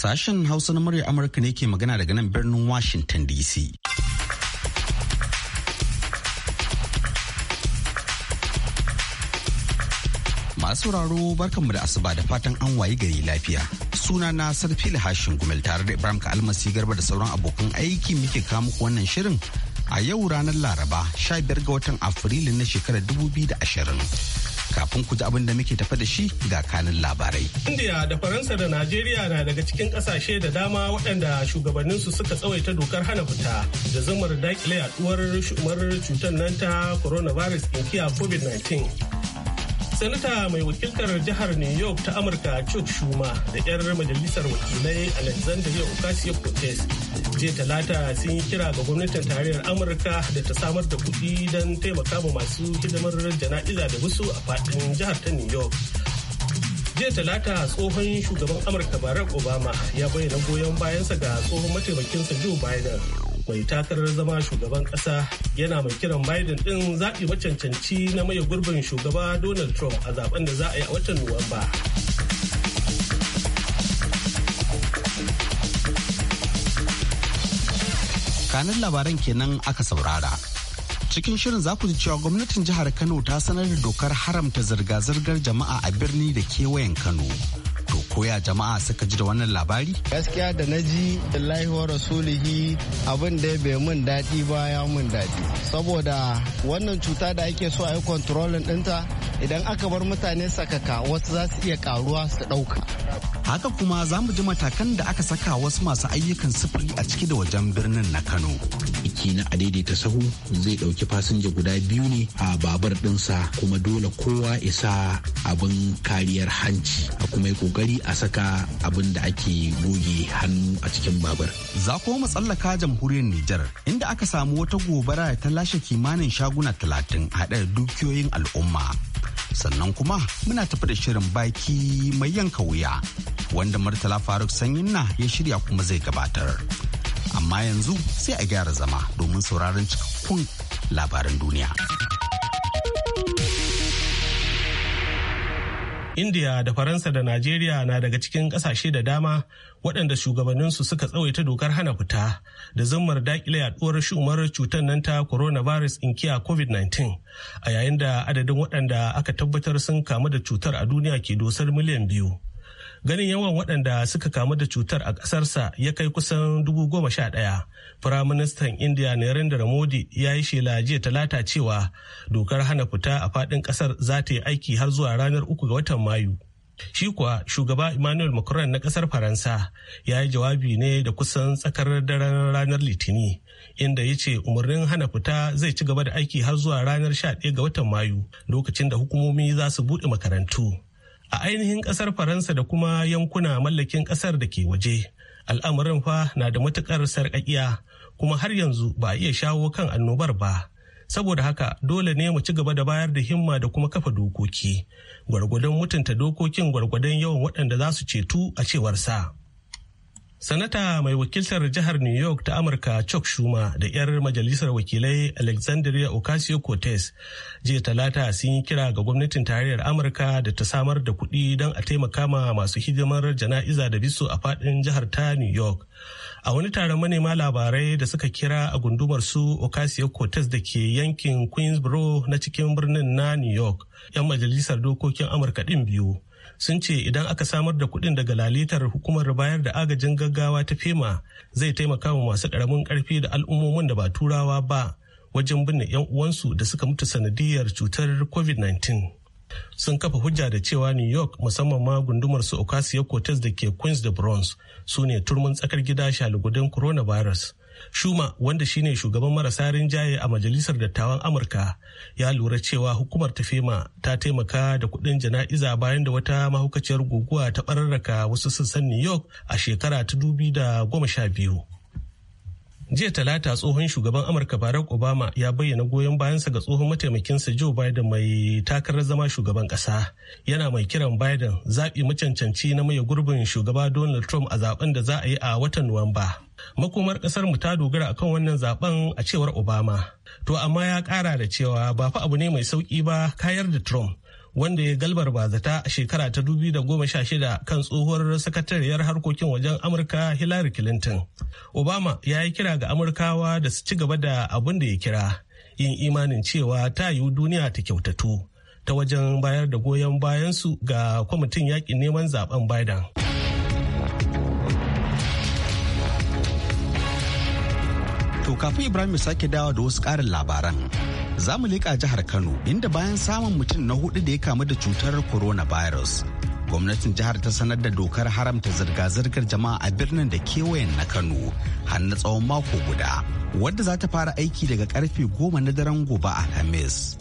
Sashen Hausa na murya Amurka ne ke magana daga nan birnin Washington DC. Masu sauraro barkanmu da asuba da fatan an wayi gari lafiya. Suna na sarfi Hashin Gumel tare da Ibrahim Almasi Garba da sauran abokan aiki muke kawo muku wannan shirin a yau ranar Laraba 15 ga watan Afrilu na shekarar 2020. kafin ku ji abin da muke tafa da shi ga kanin labarai. India da Faransa da Najeriya na daga cikin kasashe da dama waɗanda shugabanninsu suka tsawaita dokar hana fita da zamar dakile yaduwar shumar cutar nan ta coronavirus in inkiya COVID-19. Sanata mai wakiltar jihar New York ta Amurka Chuck Schumer da 'yar majalisar wakilai Alexandria Ocasio-Cortez jiya talata sun yi kira ga gwamnatin tarayyar amurka da ta samar da kuɗi don taimaka ma masu hidimar jana'iza da wasu a faɗin jihar ta new york jiya talata tsohon shugaban amurka barack obama ya bayyana goyon bayansa ga tsohon mataimakinsa joe biden mai takarar zama shugaban kasa yana mai kiran biden ɗin zaɓi macancanci na maye gurbin shugaba donald trump a zaben da za a yi a watan nuwamba tsakanin labaran kenan aka saurara. Cikin shirin za ku ji cewa gwamnatin jihar Kano ta sanar da dokar haramta zirga-zirgar jama'a a birni da kewayen Kano koya jama'a suka ji da wannan labari gaskiya da na ji lahi wa rasulihi abin da bai mun daɗi ba ya mun daɗi saboda wannan cuta da ake so a yi kontrolin ɗinta idan aka bar mutane sakaka wasu za su iya karuwa su ɗauka haka kuma za mu ji matakan da aka saka wasu masu ayyukan sufuri a ciki da wajen birnin na kano Iki na adaidaita sahu zai ɗauki fasinja guda biyu ne a babar ɗinsa kuma dole kowa isa abin kariyar hanci a kuma yi ƙoƙari a saka abin da ake goge hannu a cikin babur. Za ko mu jamhuriyar Nijar inda aka samu wata gobara ta lashe kimanin shaguna talatin haɗe da dukiyoyin al'umma. Sannan kuma muna tafi da shirin baki mai yanka wuya wanda Murtala Faruk Sanyin na ya shirya kuma zai gabatar. Amma yanzu sai a gyara zama domin sauraron cikakkun labaran duniya. india da faransa da najeriya na daga cikin kasashe da dama waɗanda shugabanninsu suka tsawaita dokar hana fita da zammar dakile yaduwar shumar cutar nan ta coronavirus inkiya covid-19 a yayin da adadin waɗanda aka tabbatar sun kamu da cutar a duniya ke dosar miliyan biyu ganin yawan waɗanda suka kamu da cutar a ƙasarsa ya kai kusan dubu goma sha ɗaya firaministan Indiya narendra modi ya yi shela jiya talata cewa dokar hana fita a faɗin ƙasar za ta yi aiki har zuwa ranar uku ga watan mayu shi kuwa shugaba emmanuel macron na ƙasar faransa ya yi jawabi ne da kusan tsakar daren ranar litini inda ya ce umarnin hana fita zai ci gaba da aiki har zuwa ranar sha ɗaya ga watan mayu lokacin da hukumomi za su buɗe makarantu a ainihin kasar faransa da kuma yankuna mallakin kasar da ke waje al'amarin fa na da matukar sarƙaƙiya kuma har yanzu ba a iya shawo kan annobar ba saboda haka dole ne mu ci gaba da bayar da himma da kuma kafa dokoki gwargwadon mutunta dokokin gwargwadon yawan waɗanda za su cetu a cewar sa. Sanata mai wakiltar jihar New York ta Amurka Chuck Schumer da 'yar majalisar wakilai Alexandria Ocasio-Cortez jiya talata sun yi kira ga gwamnatin tarayyar Amurka da ta samar da kuɗi don a taimaka ma masu hidimar jana'iza da bisu a faɗin jihar ta New York. A wani taron manema labarai da suka kira a gundumar su Ocasio-Cortez da ke yankin Queensboro na cikin birnin na New York, 'yan majalisar dokokin Amurka ɗin biyu. sun ce idan aka samar da kuɗin daga lalitar hukumar bayar da agajin gaggawa ta fema zai taimaka wa masu ƙaramin ƙarfi da al'ummomin da ba turawa ba wajen binne 'yan uwansu da suka mutu sanadiyar cutar covid-19 sun kafa hujja da cewa new york musamman ma gundumar su ocasio cortez da ke queens da bronx su ne turmin tsakar gida shalugudin coronavirus Shuma wanda shine shugaban marasa rinjaye a majalisar dattawan Amurka ya lura cewa hukumar tafema ta taimaka da kuɗin jana'iza bayan da wata mahaukaciyar guguwa ta ɓararraka wasu sassan New York a shekara ta dubi da goma sha biyu. jiya talata tsohon shugaban amurka barack obama ya bayyana goyon bayansa ga tsohon mataimakinsa joe biden mai takarar zama shugaban kasa yana mai kiran biden zaɓi macancanci na maye gurbin shugaba donald trump a zaben da za a yi a watan nuwamba makomar kasar mu ta dogara akan wannan zaben a cewar obama to amma ya kara da cewa ba fa abu ne mai sauki ba kayar da trump wanda ya galbar bazata a shekara ta shida kan tsohuwar sakatariyar harkokin wajen amurka hillary clinton obama ya yi kira ga amurkawa da su ci gaba da abin da ya kira yin imanin cewa ta yiwu duniya ta kyautatu ta wajen bayar da goyon bayansu ga kwamitin yakin neman zaben biden kafin Ibrahim sake dawa da wasu ƙarin labaran. Za mu leƙa jihar Kano inda bayan samun mutum na hudu da ya kamu da cutar coronavirus. Gwamnatin jihar ta sanar da dokar haramta zirga-zirgar jama'a a birnin da kewayen na Kano har na tsawon mako guda, wadda za ta fara aiki daga karfe goma na daren gobe a Alhamis.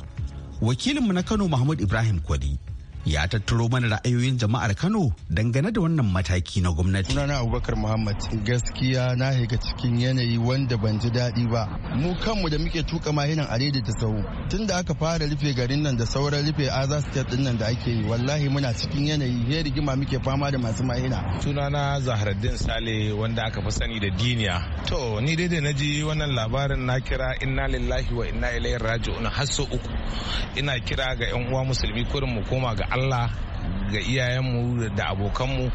Wakilinmu na Kano Mahmud Ibrahim Kwadi ya tattaro mana ra'ayoyin jama'ar Kano dangane da wannan mataki na gwamnati. Sunana Abubakar Muhammad gaskiya na higa cikin yanayi wanda ban ji daɗi ba. Mu kanmu da muke tuka mahinan arede da sau. Tun da aka fara rufe garin nan da sauran rufe Aza State din nan da ake yi wallahi muna cikin yanayi ya rigima muke fama da masu mahina. Sunana Zahraddin Sale wanda aka fi sani da Diniya. To ni dai da na ji wannan labarin na kira inna lillahi wa inna ilaihi raji'un har uku. Ina kira ga 'yan uwa musulmi kurin mu koma ga Allah ga iyayenmu da abokanmu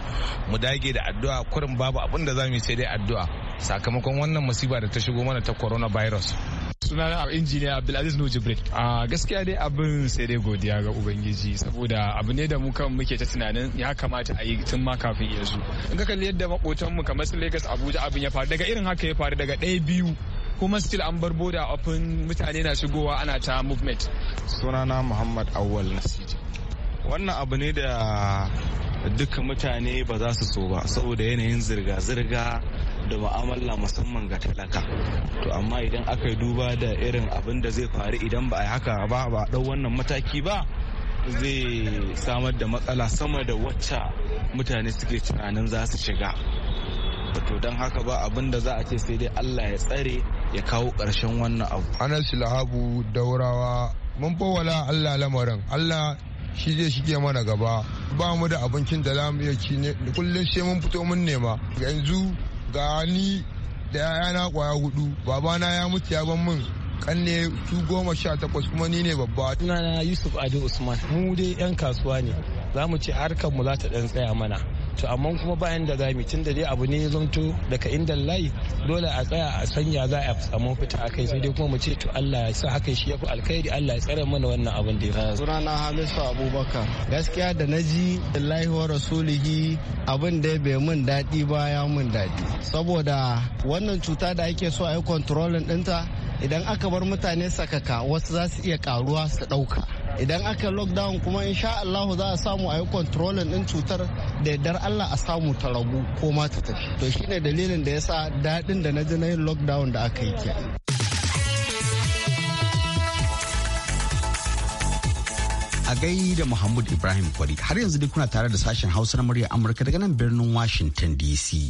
mu dage da addu'a kurin babu abin da za mu sai dai addu'a sakamakon wannan musiba da ta shigo mana ta coronavirus sunana injiniya abdulaziz nu jibril a gaskiya dai abin sai dai godiya ga ubangiji saboda abu ne da mu kan muke ta tunanin ya kamata a yi tun ma kafin ya in ka kalli yadda makotanmu kamar su lagos abuja abin ya faru daga irin haka ya faru daga ɗaya biyu kuma still an bar boda open mutane na shigowa ana ta movement sunana muhammad awwal nasiji wannan abu ne da duka mutane ba za su so ba saboda yanayin zirga-zirga da ma'amala musamman ga talaka to amma idan aka yi duba da irin abin da zai faru idan ba a yi haka ba a dau wannan mataki ba zai samar da matsala sama da wacce mutane suke tunanin za su shiga to don haka ba abin da za a ce sai dai allah ya tsare ya kawo ƙarshen wannan abu anas lahabu daurawa mun fowala allah lamarin allah shi zai shige mana gaba ba mu da abincin da za mu iya ci ne kullum sai mun fito mun nema yanzu ga ni da yayana kwaya hudu babana ya mutu ya ban mun kanne su goma sha takwas kuma ni ne babba. Sunana Yusuf Ado Usman. Mu dai 'yan kasuwa ne. Za mu ce harkar mu za ta ɗan tsaya mana. to amma kuma bayan da zami tun da dai abu ne ya daga inda layi dole a tsaya a sanya za a samu fita a kai sai dai kuma mu ce to Allah ya sa haka shi ya fi alkhairi Allah ya tsare mana wannan abin da ya suna na Hamisu Abubakar gaskiya da na ji lahiwa wa rasulihi abin da bai mun daɗi ba ya mun daɗi saboda wannan cuta da ake so a yi controlling ɗinta idan aka bar mutane sakaka wasu za su iya karuwa su ɗauka idan aka lockdown kuma insha Allah za a samu a yi controlling din cutar da yardar Allah a samu ta ragu ko ma ta tafi to shine dalilin da yasa daɗin da na ji na yin lockdown da aka yi ke a gai da Muhammad Ibrahim Kwari har yanzu dai kuna tare da sashen Hausa na murya Amurka daga nan birnin Washington DC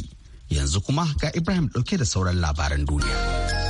yanzu kuma ga Ibrahim dauke da sauran labaran duniya.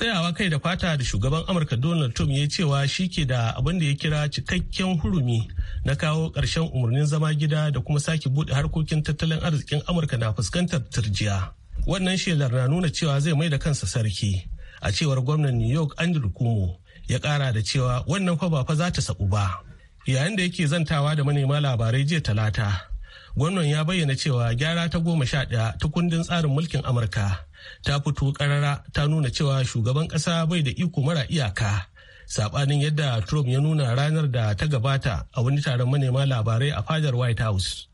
tsayawa kai da fata da shugaban amurka donald trump ya cewa shi ke da abin da ya kira cikakken hurumi na kawo ƙarshen umarnin zama gida da kuma sake buɗe harkokin tattalin arzikin amurka na fuskantar turjiya wannan shelar na nuna cewa zai mai da kansa sarki a cewar gwamnan new york andrew kumo ya ƙara da cewa wannan fa ba za ta saɓu ba yayin da yake zantawa da manema labarai jiya talata gwamnan ya bayyana cewa gyara ta goma sha ɗaya ta kundin tsarin mulkin amurka ta fito karara ta nuna cewa shugaban ƙasa bai da iko mara iyaka sabanin yadda trump ya nuna ranar da ta gabata a wani taron manema labarai a fadar white house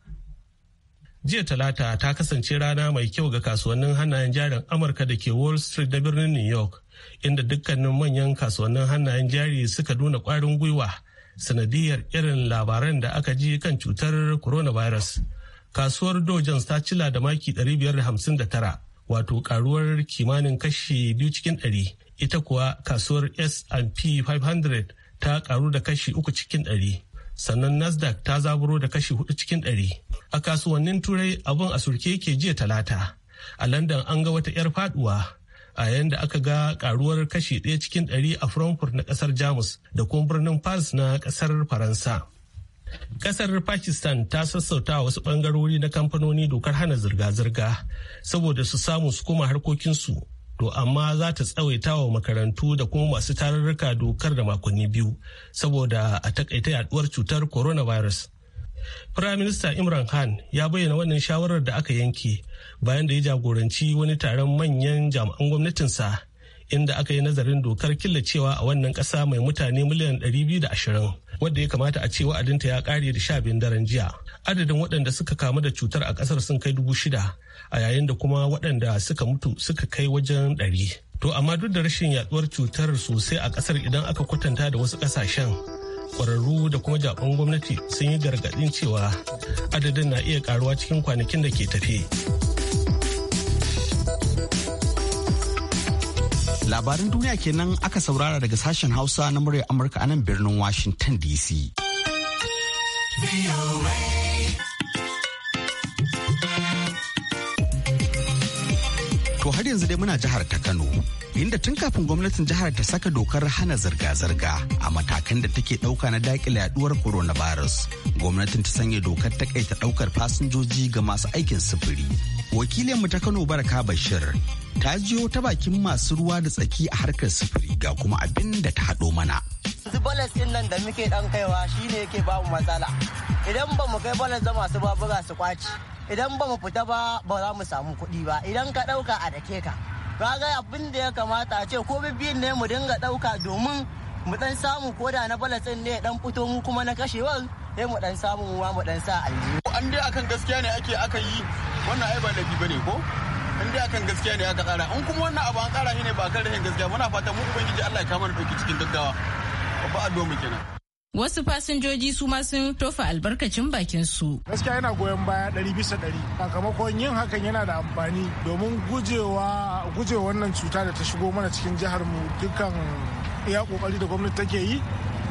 jiya talata ta kasance rana mai kyau ga kasuwannin hannayen jarin amurka da ke wall street da birnin new york inda dukkanin manyan kasuwannin hannayen jari suka nuna kwarin gwiwa sanadiyar irin labaran da aka ji kan cutar coronavirus kasuwar dojans ta cila da maki 559 wato karuwar kimanin kashi biyu cikin ɗari ita kuwa kasuwar S&P 500 ta karu da kashi uku cikin ɗari sannan nasdaq ta zaburo da kashi hudu cikin ɗari a kasuwannin turai abin a surke ke jiya talata a Landan an ga wata 'yar faduwa a yayin da aka ga karuwar kashi ɗaya cikin ɗari a frankfurt na ƙasar jamus da kuma birnin paris na ƙasar faransa Kasar Pakistan ta sassauta wasu bangarori na kamfanoni dokar hana zirga-zirga saboda su samu su koma harkokinsu to amma za ta tsawaita wa makarantu da kuma masu tarurruka dokar da makonni biyu saboda a takaita yaduwar cutar coronavirus. Prime Minister Imran Khan ya bayyana wannan shawarar da aka yanke bayan da ya jagoranci wani taron manyan jami'an gwamnatinsa inda aka yi nazarin dokar killacewa a wannan ƙasa mai mutane miliyan 220 wadda ya kamata a ce wa'adinta ya kare da sha biyun daren jiya. Adadin waɗanda suka kamu da cutar a ƙasar sun kai dubu shida a yayin da kuma waɗanda suka mutu suka kai wajen ɗari. To amma duk da rashin yaduwar cutar sosai a ƙasar idan aka kwatanta da wasu ƙasashen ƙwararru da kuma jaɓan gwamnati sun yi gargaɗin cewa adadin na iya ƙaruwa cikin kwanakin da ke tafe. Labarin duniya kenan aka saurara daga sashen Hausa na murya Amurka a nan birnin Washington DC. To har yanzu dai muna jihar ta Kano, inda tun kafin gwamnatin jihar ta saka dokar hana zirga-zirga a matakan da take ɗauka na dakile yaduwar coronavirus. Gwamnatin ta sanya dokar takaita ɗaukar fasinjoji ga masu aikin sufuri. wakilin mu ta Kano Baraka Bashir ta jiyo ta bakin masu ruwa da tsaki a harkar sufuri ga kuma abin da ta haɗo mana. Su balas din nan da muke ɗan kaiwa shine yake ba mu matsala. Idan ba mu kai balas da masu babura su kwaci. Idan ba mu fita ba ba za mu samu kuɗi ba. Idan ka ɗauka a dake ka. ga abin da ya kamata a ce ko bibiyin ne mu dinga ɗauka domin mu ɗan samu koda na balas ne ɗan fito mu kuma na kashewar sai mu ɗan samu mu mu ɗan sa aljihu. An dai akan gaskiya ne ake aka yi wannan ai ba laifi bane ko? in dai akan gaskiya ne aka tsara in kuma wannan abu an tsara shi ne ba kan rashin gaskiya muna fatan mu ubangiji Allah ya kama da dauki cikin gaggawa ba a domin kenan wasu fasinjoji su ma sun tofa albarkacin bakin su. Gaskiya yana goyon baya ɗari bisa ɗari. Sakamakon yin hakan yana da amfani domin gujewa gujewa wannan cuta da ta shigo mana cikin jihar mu dukkan iya kokari da gwamnati take yi.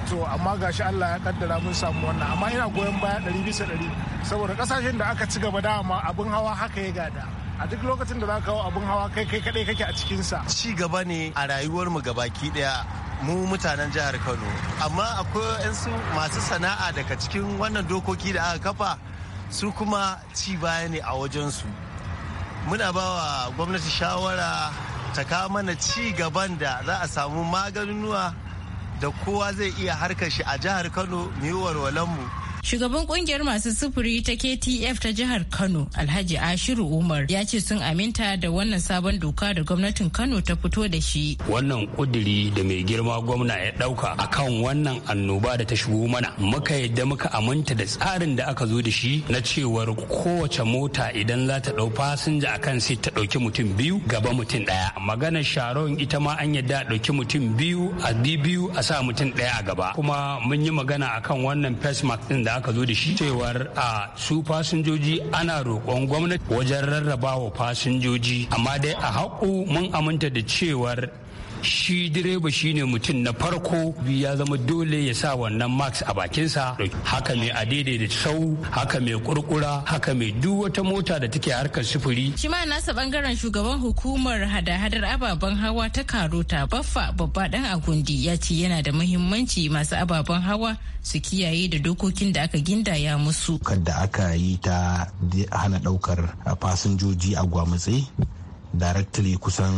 To amma gashi Allah ya kaddara mun samu wannan amma ina goyon baya ɗari bisa ɗari saboda ƙasashen da aka ci gaba dama abin hawa haka ya gada. a duk lokacin da za ka kawo abin hawa kai kai kadai kake a cikinsa. Ci gaba ne a rayuwar mu gabaki daya mu mutanen jihar kano amma akwai 'yansu masu sana'a daga cikin wannan dokoki da aka kafa su kuma ci baya ne a wajensu muna ba wa gwamnati shawara ta kawo mana ci gaban da za a samu maganunuwa da kowa zai iya harkar shi a jihar kano mu yi walwalanmu Shugaban kungiyar masu sufuri ta KTF ta jihar Kano, Alhaji Ashiru Umar, ya ce sun aminta da wannan sabon doka da gwamnatin Kano ta fito da shi. Wannan kuduri da mai girma gwamna ya dauka kan wannan annoba da ta shigo mana. Muka yadda muka aminta da tsarin da aka zo da shi na cewar kowace mota idan za ta dau fasinja akan sai ta dauki mutum biyu gaba mutum daya. magana Sharon ita ma an yadda dauki mutum biyu a biyu a sa mutum ɗaya a gaba. Kuma mun yi magana akan wannan face mask din da aka zo da shi cewar a su fasinjoji ana roƙon gwamnati wajen rarrabawa fasinjoji amma dai a haƙu mun aminta da cewar shi direba shine mutum na farko ya zama dole ya sa wannan max a bakinsa haka mai daidai da sau haka mai kurkura haka mai duk wata mota da take harkar sufuri shi ma nasa bangaren shugaban hukumar hada-hadar ababen hawa ta karota baffa babba dan agundi ya ce yana da muhimmanci masu ababen hawa su kiyaye da dokokin da aka gindaya musu kadda aka yi ta hana daukar ah, fasinjoji a gwamutse directly kusan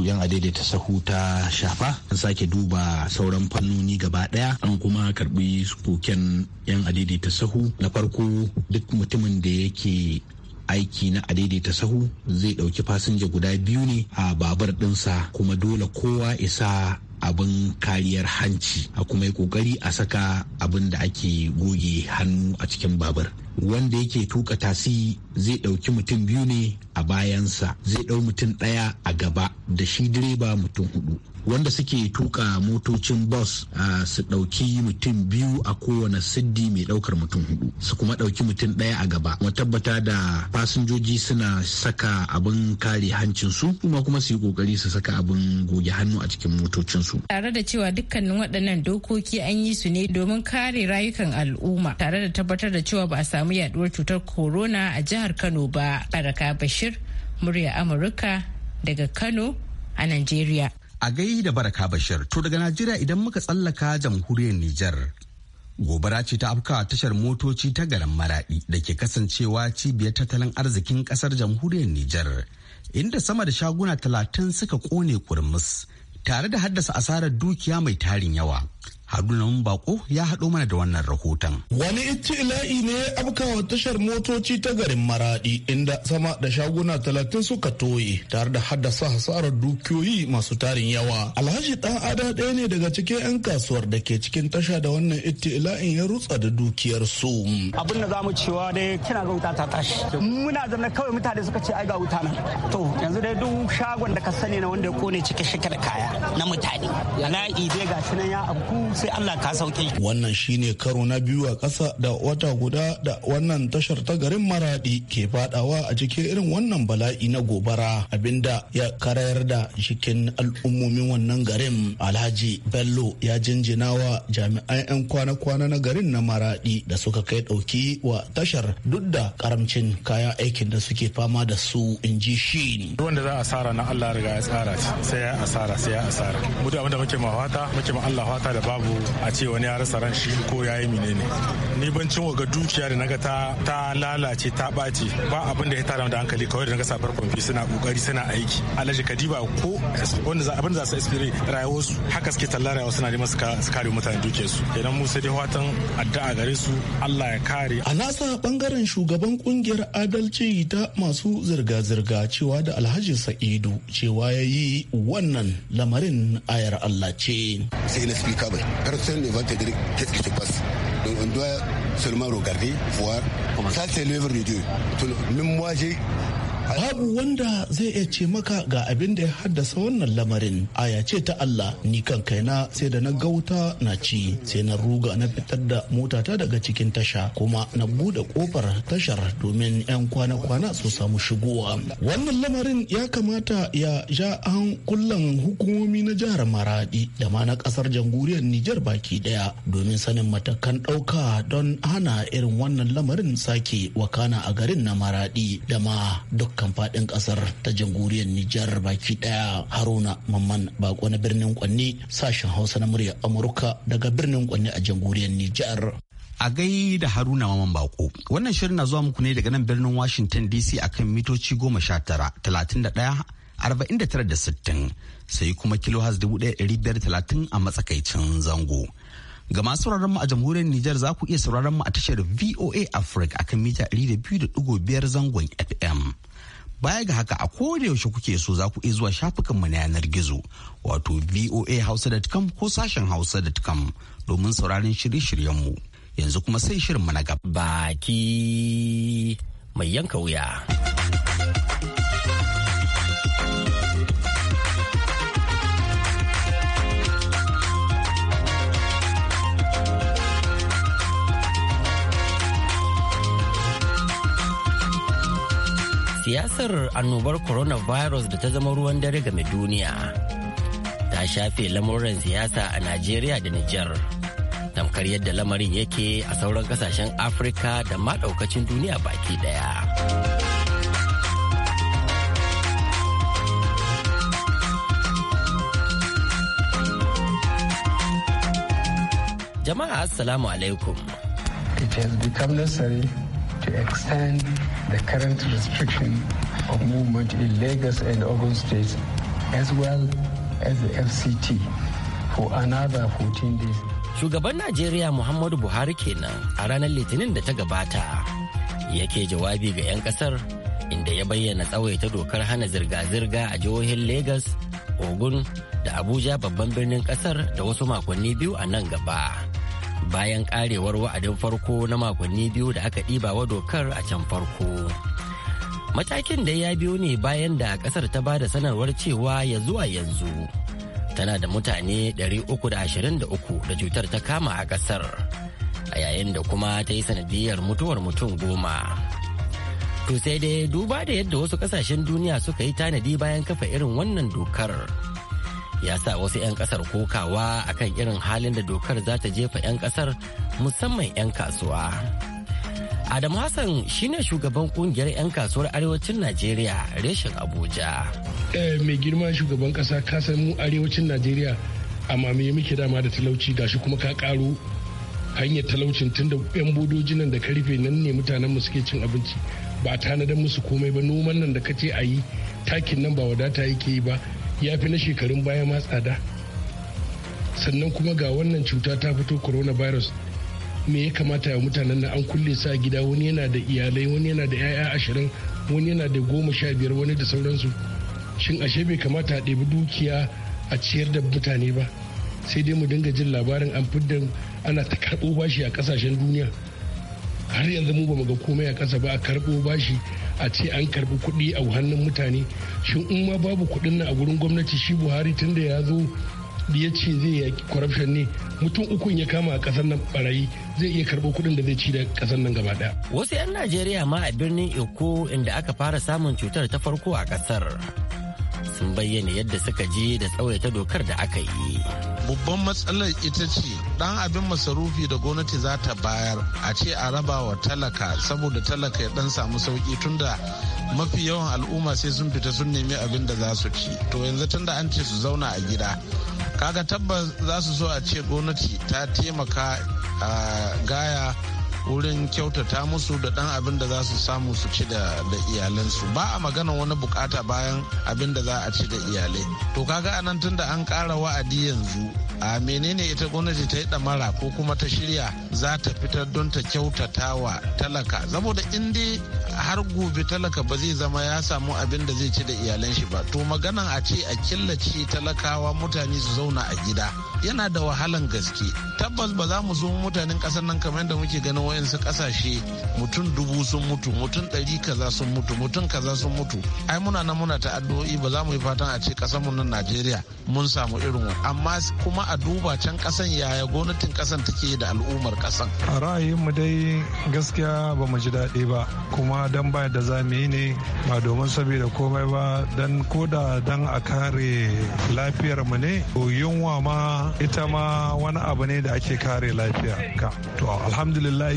yan adaidaita sahu ta shafa an sake duba sauran fannoni gaba daya an kuma karbi koken yan adaidaita sahu na farko duk mutumin da yake aiki na adaidaita sahu zai dauki fasinja guda biyu ne a babar dinsa kuma dole kowa isa abin kariyar hanci a kuma yi kokari a saka abin da ake goge hannu a cikin babur wanda yake tuka tasi zai ɗauki mutum biyu ne a bayansa zai ɗau mutum ɗaya a gaba da shi direba mutum hudu wanda suke tuka motocin bus su ɗauki mutum biyu a kowane siddi mai ɗaukar mutum hudu su kuma ɗauki mutum ɗaya a gaba kuma tabbata da fasinjoji suna saka abin kare hancin su kuma kuma su yi kokari su saka abin goge hannu a cikin motocin su tare da cewa dukkanin waɗannan dokoki an yi su ne domin kare rayukan al'umma tare da tabbatar da cewa ba a samu yaduwar cutar corona a jihar Kano ba Baraka Bashir murya Amurka daga Kano a Najeriya a gai da baraka bashir to daga najeriya idan muka tsallaka jamhuriyar nijar gobara ce ta afka tashar motoci ta garin maradi da ke kasancewa cibiyar tattalin arzikin kasar jamhuriyar nijar inda sama da shaguna talatin suka kone kurmus tare da haddasa asarar dukiya mai tarin yawa Haruna Bako ya haɗo mana da wannan rahoton. Wani itila'i ne ya afkawa tashar motoci ta garin maraɗi inda sama da shaguna talatin suka toye tare da haddasa hasarar dukiyoyi masu tarin yawa. Alhaji ɗan ada ɗaya ne daga cikin 'yan kasuwar da ke cikin tasha da wannan itila'in ya rutsa da dukiyar su. Abin da zamu cewa dai kina ga wuta ta tashi. Muna zama kawai mutane suka ce ai ga wuta na. To yanzu dai duk shagon da ka sani na wanda ya kone cike shike da kaya na mutane. Ala'i dai gashi nan ya abu ku sai Allah ka sauke wannan shine karo na biyu a ƙasa da wata guda da wannan tashar ta garin Maradi ke fadawa a cikin irin wannan bala'i na gobara abinda ya karayar da cikin al'ummomin wannan garin Alhaji Bello ya jinjina wa jami'an 'yan kwana-kwana na garin na Maradi da suka kai ɗauki wa tashar duk da karamcin kayan aikin da suke fama da su in ji shi. Wanda za a asara na Allah ya tsara sai ya asara sai ya asara. Mutu abinda muke ma fata muke ma Allah fata da babu a ce wani ya rasa ran shi ko ya yi menene ni ban cin waga dukiya da naga ta ta lalace ta ɓaci ba abin da ya tara da hankali kawai da naga safar kwamfi suna kokari suna aiki alhaji kadiba ko wanda abin da za su expire rayuwarsu haka suke talla rayuwa suna neman su kare mutane dukiyarsu idan mu sai dai fatan addu'a gare su Allah ya kare a nasa bangaren shugaban kungiyar adalci ta masu zirga-zirga cewa da alhaji sa'idu cewa ya yi wannan lamarin ayar Allah ce sai na Personne ne va te dire qu'est-ce qui se passe. Donc on doit seulement regarder, voir. Ça, c'est l'œuvre de Dieu. Même moi, j'ai babu wanda zai iya ce maka ga abin da ya haddasa wannan lamarin a ce ta Allah ni kan kaina sai da na gauta na ci sai na ruga na fitar da motata daga cikin tasha kuma na bude kofar tashar domin yan kwana-kwana su samu shigowa wannan lamarin ya kamata ya ja kullan hukumomi na jihar maradi da ma na kasar jamhuriyar Nijar baki daya domin sanin matakan ɗauka don hana irin wannan lamarin sake wakana a garin na maradi da ma duk Kan faɗin ƙasar ta jamhuriyar Nijar baki ɗaya Haruna Mamman Bako na birnin Kwanni sashen Hausa na murya Amurka daga birnin Kwanni a jamhuriyar Nijar. a gai da haruna maman bako wannan shirin na zuwa muku ne daga nan birnin washington dc akan mitoci goma sha tara talatin da daya arba'in da tara da sittin sai kuma kilohas dubu daya dari biyar talatin a matsakaicin zango ga masu sauraron mu a jamhuriyar Nijar za ku iya sauraron mu a tashar voa africa akan mita ɗari zangon fm Baya ga haka a koda yaushe kuke so za ku iya zuwa shafukanmu na yanar gizo wato voahausa.com ko sashen hausa.com domin sauraron shirye-shiryenmu. Yanzu kuma sai shirinmu na gaba. Baki mai yanka wuya. siyasar annobar coronavirus da ta zama ruwan dare game duniya ta shafe lamuran siyasa a najeriya da nijar tamkar yadda lamarin yake a sauran kasashen afirka da maɗaukacin duniya baki daya jama'a assalamu alaikum it has become necessary to extend the current restriction of movement in Lagos and Ogun states, as well as the FCT, for another 14 days. Shugaban Najeriya Muhammadu Buhari kenan a ranar Litinin da ta gabata yake jawabi ga 'yan kasar inda ya bayyana tsawaita dokar hana zirga-zirga a jihohin Lagos, Ogun da Abuja babban birnin kasar da wasu makonni biyu a nan gaba. bayan karewar wa'adin farko na makonni biyu da aka ɗiba wa dokar a can farko. Matakin da ya biyo ne bayan da ƙasar ta ba da sanarwar cewa ya zuwa yanzu. Tana da mutane 323 da cutar ta kama a ƙasar, a yayin da kuma ta yi sanadiyar mutuwar mutum goma. To sai dai duba da yadda wasu ƙasashen duniya suka yi tanadi bayan kafa irin wannan dokar. ya sa wasu 'yan kasar kokawa a kan irin halin da dokar za ta jefa 'yan kasar musamman 'yan kasuwa. Adamu Hassan shine shugaban kungiyar 'yan kasuwar arewacin Najeriya reshen Abuja. Eh, mai girma shugaban kasa kasan mu arewacin Najeriya amma mamaye muke dama da talauci gashi kuma ka karo hanyar talaucin tun da 'yan bodoji nan da ka rufe nan ne mutanen mu suke cin abinci ba a tanadar musu komai ba noman nan da ka ce a yi takin nan ba wadata yake yi ba ya fi na shekarun baya ma tsada sannan kuma ga wannan cuta ta fito coronavirus me ya kamata ya mutanen na an kulle sa gida wani yana da iyalai wani yana da 'ya'ya ashirin wani yana da goma sha biyar wani da sauransu shin ashe bai kamata a ɗabi dukiya a ciyar da mutane ba sai dai mu dinga jin labarin an fidda ana ta karɓo bashi a ƙasashen duniya har yanzu mu ba mu ga komai a ƙasa ba a karɓo bashi a ce an karbi kuɗi a hannun mutane shin in ma babu kuɗin nan a gurin gwamnati shi buhari tun da ya zo ya ce zai yaki corruption ne mutum ukun ya kama a kasar nan barayi zai iya karɓo kuɗin da zai ci da kasar nan gaba ɗaya. wasu 'yan najeriya ma a birnin eko inda aka fara samun cutar ta farko a kasar sun bayyana yadda suka je da tsawaita dokar da aka yi. Babban matsalar ita ce ɗan abin masarufi da gwamnati za ta bayar a ce a raba wa talaka saboda talaka ya ɗan samu sauƙi tunda mafi yawan al'umma sai sun fita sun nemi abin da za su ci. To yanzu tunda an ce su zauna a gida. Kaga tabbas za su so a ce gwamnati ta taimaka gaya wurin kyautata musu da dan abin da za su samu su ci da iyalansu ba a magana wani bukata bayan abin da za a ci da iyalai to kaga anan tun da an kara wa'adi yanzu a menene ita gwamnati ta yi damara ko kuma ta shirya za ta fitar don ta kyautata wa talaka saboda in dai har gobe talaka ba zai zama ya samu abin da zai ci da iyalan shi ba to maganan a ce a killace talakawa mutane su zauna a gida yana da wahalan gaske tabbas ba za mu zo mutanen kasar nan kamar yadda muke ganin wayansu kasashe mutum dubu sun mutu mutum ɗari kaza sun mutu mutum kaza sun mutu ai muna nan muna ta addu'o'i ba za mu yi fatan a ce kasar mu nan Najeriya mun samu irin amma kuma a duba can kasan yaya gwamnatin kasan take da al'ummar kasan a ra'ayin mu dai gaskiya ba mu ji daɗi ba kuma dan ba da za mu yi ne ba domin saboda komai ba dan koda dan a kare lafiyar mu ne yunwa ma ita ma wani abu ne da ake kare lafiya ka to alhamdulillah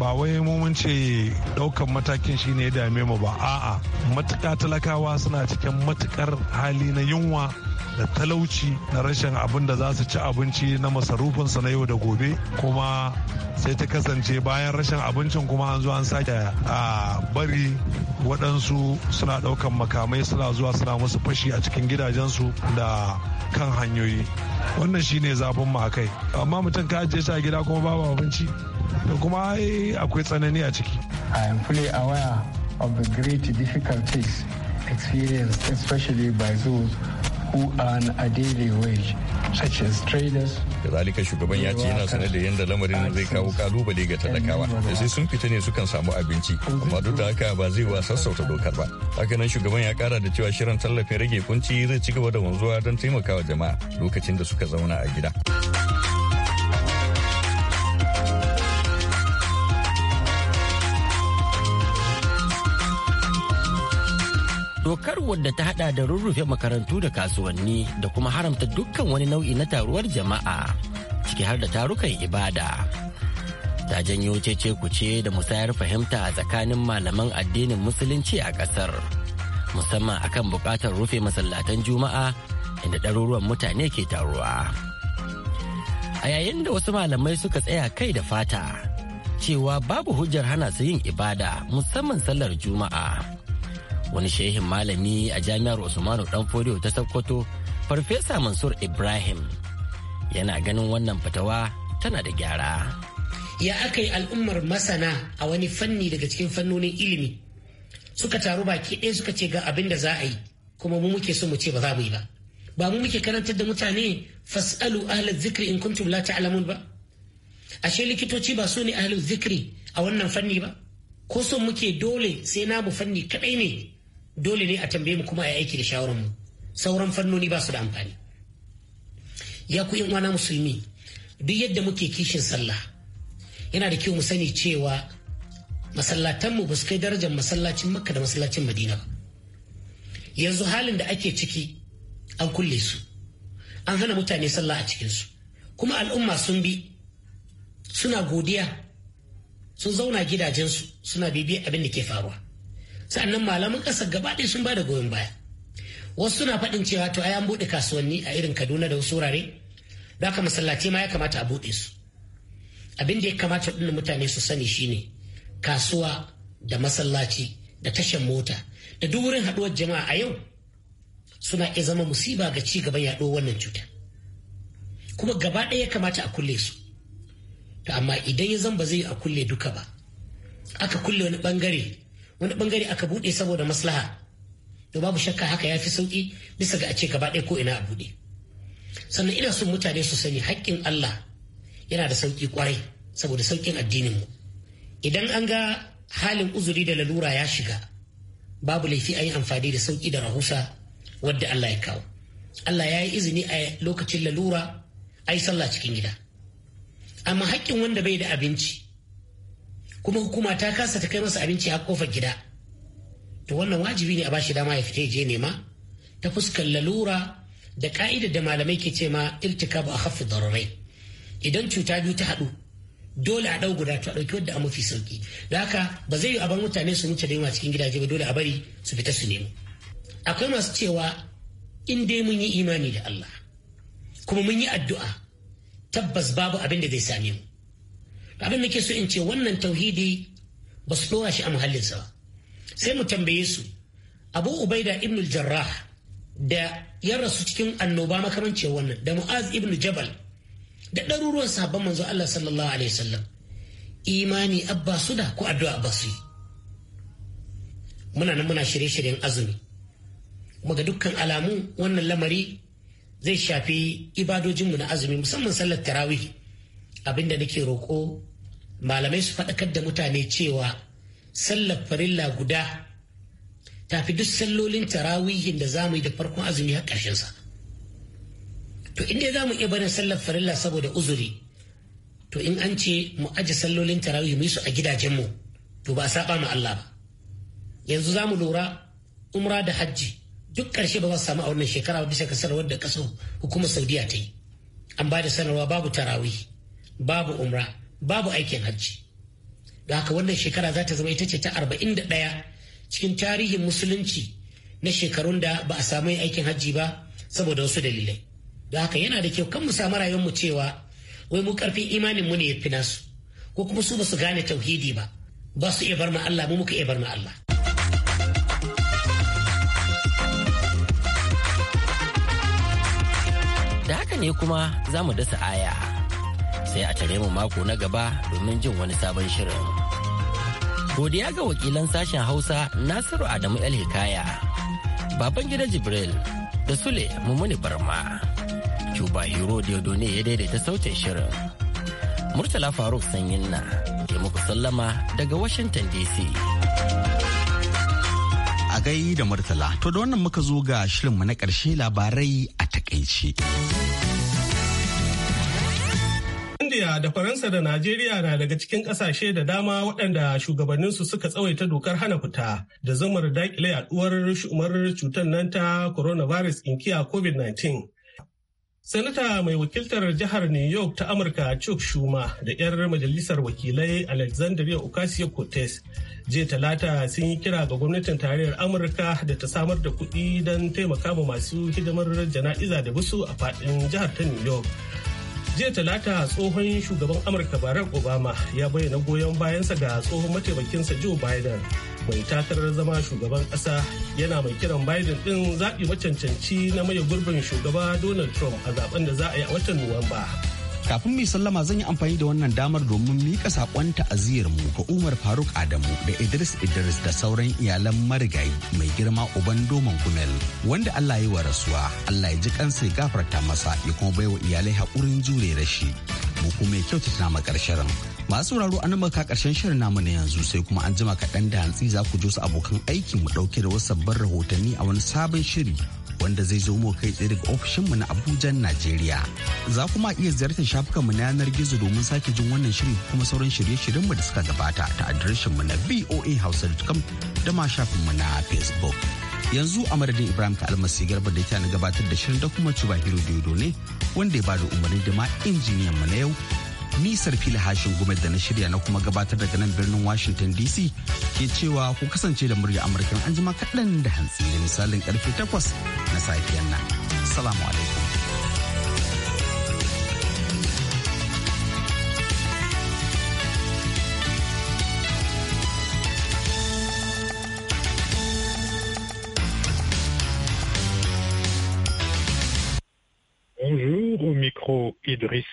ba wai mun ce daukan matakin shi ne dame mu ba a'a matuka talakawa suna cikin matukar hali na yunwa da talauci na rashin abin da za su ci abinci na masarufinsu na yau da gobe kuma sai ta kasance bayan rashin abincin kuma an zo an sake a bari waɗansu suna ɗaukan makamai suna zuwa suna musu fashi a cikin gidajensu da kan hanyoyi wannan shine zafin mu a kai amma mutum ka ajiye shi a gida kuma babu abinci da kuma eh, akwai tsanani a ciki. I am fully aware of the great difficulties experienced especially by those who earn a daily wage such as traders kazalika shugaban ya ce yana sanar da yadda lamarin zai kawo kalubale ga talakawa da sai sun fita ne sukan samu abinci amma duk da haka ba zai wa sassauta dokar ba haka nan shugaban ya kara da cewa shirin tallafin rage kunci zai ci gaba da wanzuwa don taimakawa jama'a lokacin da suka zauna a gida. dokar wadda ta hada da rurrufe makarantu da kasuwanni da kuma haramta dukkan wani nau'i na taruwar jama'a ciki har da tarukan ibada ta janyo cece kuce da musayar fahimta a tsakanin malaman addinin musulunci a kasar musamman akan bukatar rufe masallatan juma'a inda ɗaruruwan mutane ke taruwa a yayin da wasu malamai suka tsaya kai da fata cewa babu hujjar hana su yin ibada musamman sallar juma'a wani shehin malami a jami'ar usmanu danfodiyo ta sokoto farfesa mansur ibrahim yana ganin wannan fitawa tana da gyara ya aka yi al'ummar masana a wani fanni daga cikin fannonin ilimi suka taru baki ɗaya suka ce ga abin da za a yi kuma mu muke so mu ce ba za mu yi ba ba mu muke karantar da mutane fasalu ahlal zikri in kuntum la ta'lamun ba ashe likitoci ba su ne ahlal zikri a wannan fanni ba ko son muke dole sai namu fanni kadai ne dole ne a tambaye mu kuma a aiki da shawarar mu sauran fannoni ba su da amfani ya ku yin musulmi duk yadda muke kishin sallah yana da kyau mu sani cewa masallatan mu kai darajar masallacin makka da masallacin madina ba yanzu halin da ake ciki an kulle su an hana mutane sallah a cikinsu kuma al'umma sun bi suna godiya sun zauna gidajensu suna bibiyar abin da ke faruwa sannan malaman ƙasa gaba ɗaya sun ba da goyon baya wasu suna faɗin cewa to ai an buɗe kasuwanni a irin kaduna da wasu wurare da aka masallaci ma ya kamata a buɗe su abin da ya kamata ɗin mutane su sani shine kasuwa da masallaci da tashan mota da duk wurin haɗuwar jama'a a yau suna iya zama musiba ga ci gaban yaɗuwar wannan cuta kuma gaba ɗaya ya kamata a kulle su to amma idan ya zan ba zai a kulle duka ba aka kulle wani bangare wani bangare aka buɗe saboda maslaha to babu shakka haka ya fi sauƙi bisa ga a ce gaba ɗaya ko ina a buɗe sannan ina son mutane su sani haƙƙin Allah yana da sauki kwarai saboda sauƙin addinin mu idan an ga halin uzuri da lalura ya shiga babu laifi a yi amfani da sauƙi da rahusa wadda Allah ya kawo Allah ya yi izini a lokacin lalura a sallah cikin gida amma haƙƙin wanda bai da abinci kuma hukuma ta kasa ta kai masa abinci a kofar gida to wannan wajibi ne a bashi dama ya fita je nema ta fuskar lalura da ka'ida da malamai ke ce ma ba a hafi dararai idan cuta biyu ta haɗu dole a ɗau guda to a ɗauki wadda a mafi sauki da haka ba zai yi a bar mutane su wuce da cikin gidaje ba dole a bari su fita su nemo akwai masu cewa in dai mun yi imani da Allah kuma mun yi addu'a tabbas babu abin da zai same mu abin da ke so in ce wannan tauhidi ba su ɗora shi a muhallinsa ba sai mu tambaye su abu ubaida ibn jarrah da ya rasu cikin annoba makamancin wannan da mu'az ibn jabal da ɗaruruwan sabon manzo Allah sallallahu alaihi wasallam imani abba su da ko addu'a ba su muna nan muna shirye-shiryen azumi kuma ga dukkan alamu wannan lamari zai shafi ibadojinmu na azumi musamman sallar tarawih abinda nake roƙo malamai su faɗakar da mutane cewa sallar farilla guda ta fi duk sallolin tarawihin da za mu yi da farkon azumi har ƙarshensa to inda za mu iya barin sallar farilla saboda uzuri to in an ce mu aje sallolin tarawih mu yi su a gidajenmu to ba a saba ma Allah ba yanzu za mu lura umra da hajji duk ƙarshe ba za su samu a wannan shekara ba bisa ga sanarwar da ƙasar hukumar saudiya ta yi an ba da sanarwa babu tarawih babu umra babu aikin hajji da haka wannan shekara za ta zama ita ce ta arba'in da ɗaya cikin tarihin musulunci na shekarun da ba a samu aikin hajji ba saboda wasu dalilai da haka yana da kyau kan mu samu rayuwar mu cewa wai mu karfin imanin mu ne ya fi nasu ko kuma su basu gane tauhidi ba ba su iya bar ma Allah mu muka iya bar ma Allah da haka ne kuma za mu dasa aya sai a tare mu mako na gaba domin jin wani sabon shirin. Godiya ga wakilan sashen Hausa Nasiru Adamu El Hikaya, Baban Gida Jibril da Sule Mumuni Barma. Cuba Hero Diodone ya daidaita sautin shirin. Murtala Faruk Sanyin na ke muku sallama daga Washington DC. A gai da Murtala, to da wannan muka zo ga mu na ƙarshe labarai a takaice. Najeriya da Faransa da Najeriya na daga cikin ƙasashe da dama waɗanda shugabanninsu suka tsawaita dokar hana fita da zamar daƙile yaɗuwar shumar cutar nan ta coronavirus inkiya COVID-19. Sanata mai wakiltar jihar New York ta Amurka Chuck Schumer da 'yar majalisar wakilai Alexandria Ocasio-Cortez jiya talata sun yi kira ga gwamnatin tarayyar Amurka da ta samar da kuɗi don taimaka ma masu hidimar jana'iza da busu a faɗin jihar ta New York. jiya talata tsohon shugaban amurka barack obama ya bayyana goyon bayansa ga tsohon mataimakinsa joe biden mai takarar zama shugaban kasa yana mai kiran biden ɗin zaɓi macancanci na maye gurbin shugaba donald trump a zaben da za a yi a watan nuwamba. kafin mai sallama zan yi amfani da wannan damar domin miƙa saƙon ta'aziyar mu ga Umar Faruk Adamu da Idris Idris da sauran iyalan marigayi mai girma uban doman kumel wanda Allah ya yi wa rasuwa Allah ya ji kansa ya gafarta masa ya kuma baiwa iyalai haƙurin jure da shi mu kuma ya kyautata na makarshen masu sauraro an maka karshen shirin namu na yanzu sai kuma an jima kaɗan da hantsi za ku ji su abokan aiki mu ɗauke da wasu sabbin rahotanni a wani sabon shiri wanda zai zo mu kai tsaye daga ofishin mu na Abuja, Najeriya. Za kuma iya ziyartar shafukanmu na yanar gizo domin sake jin wannan shiri kuma sauran shirye mu da suka gabata ta adireshinmu na voahausa.com da ma shafinmu na Facebook. Yanzu a madadin Ibrahim ka almasi garba da yake na gabatar da shirin da kuma Cuba Hiro ne wanda ya bada umarni da ma injiniyan mu na yau Nisar fili hashin gumel da na shirya na kuma gabatar daga nan birnin Washington DC ke cewa ku kasance da murya Amurkan an jima kaɗan da hantsi da misalin karfe takwas na safiyan nan. Salamu alaikum. Idriss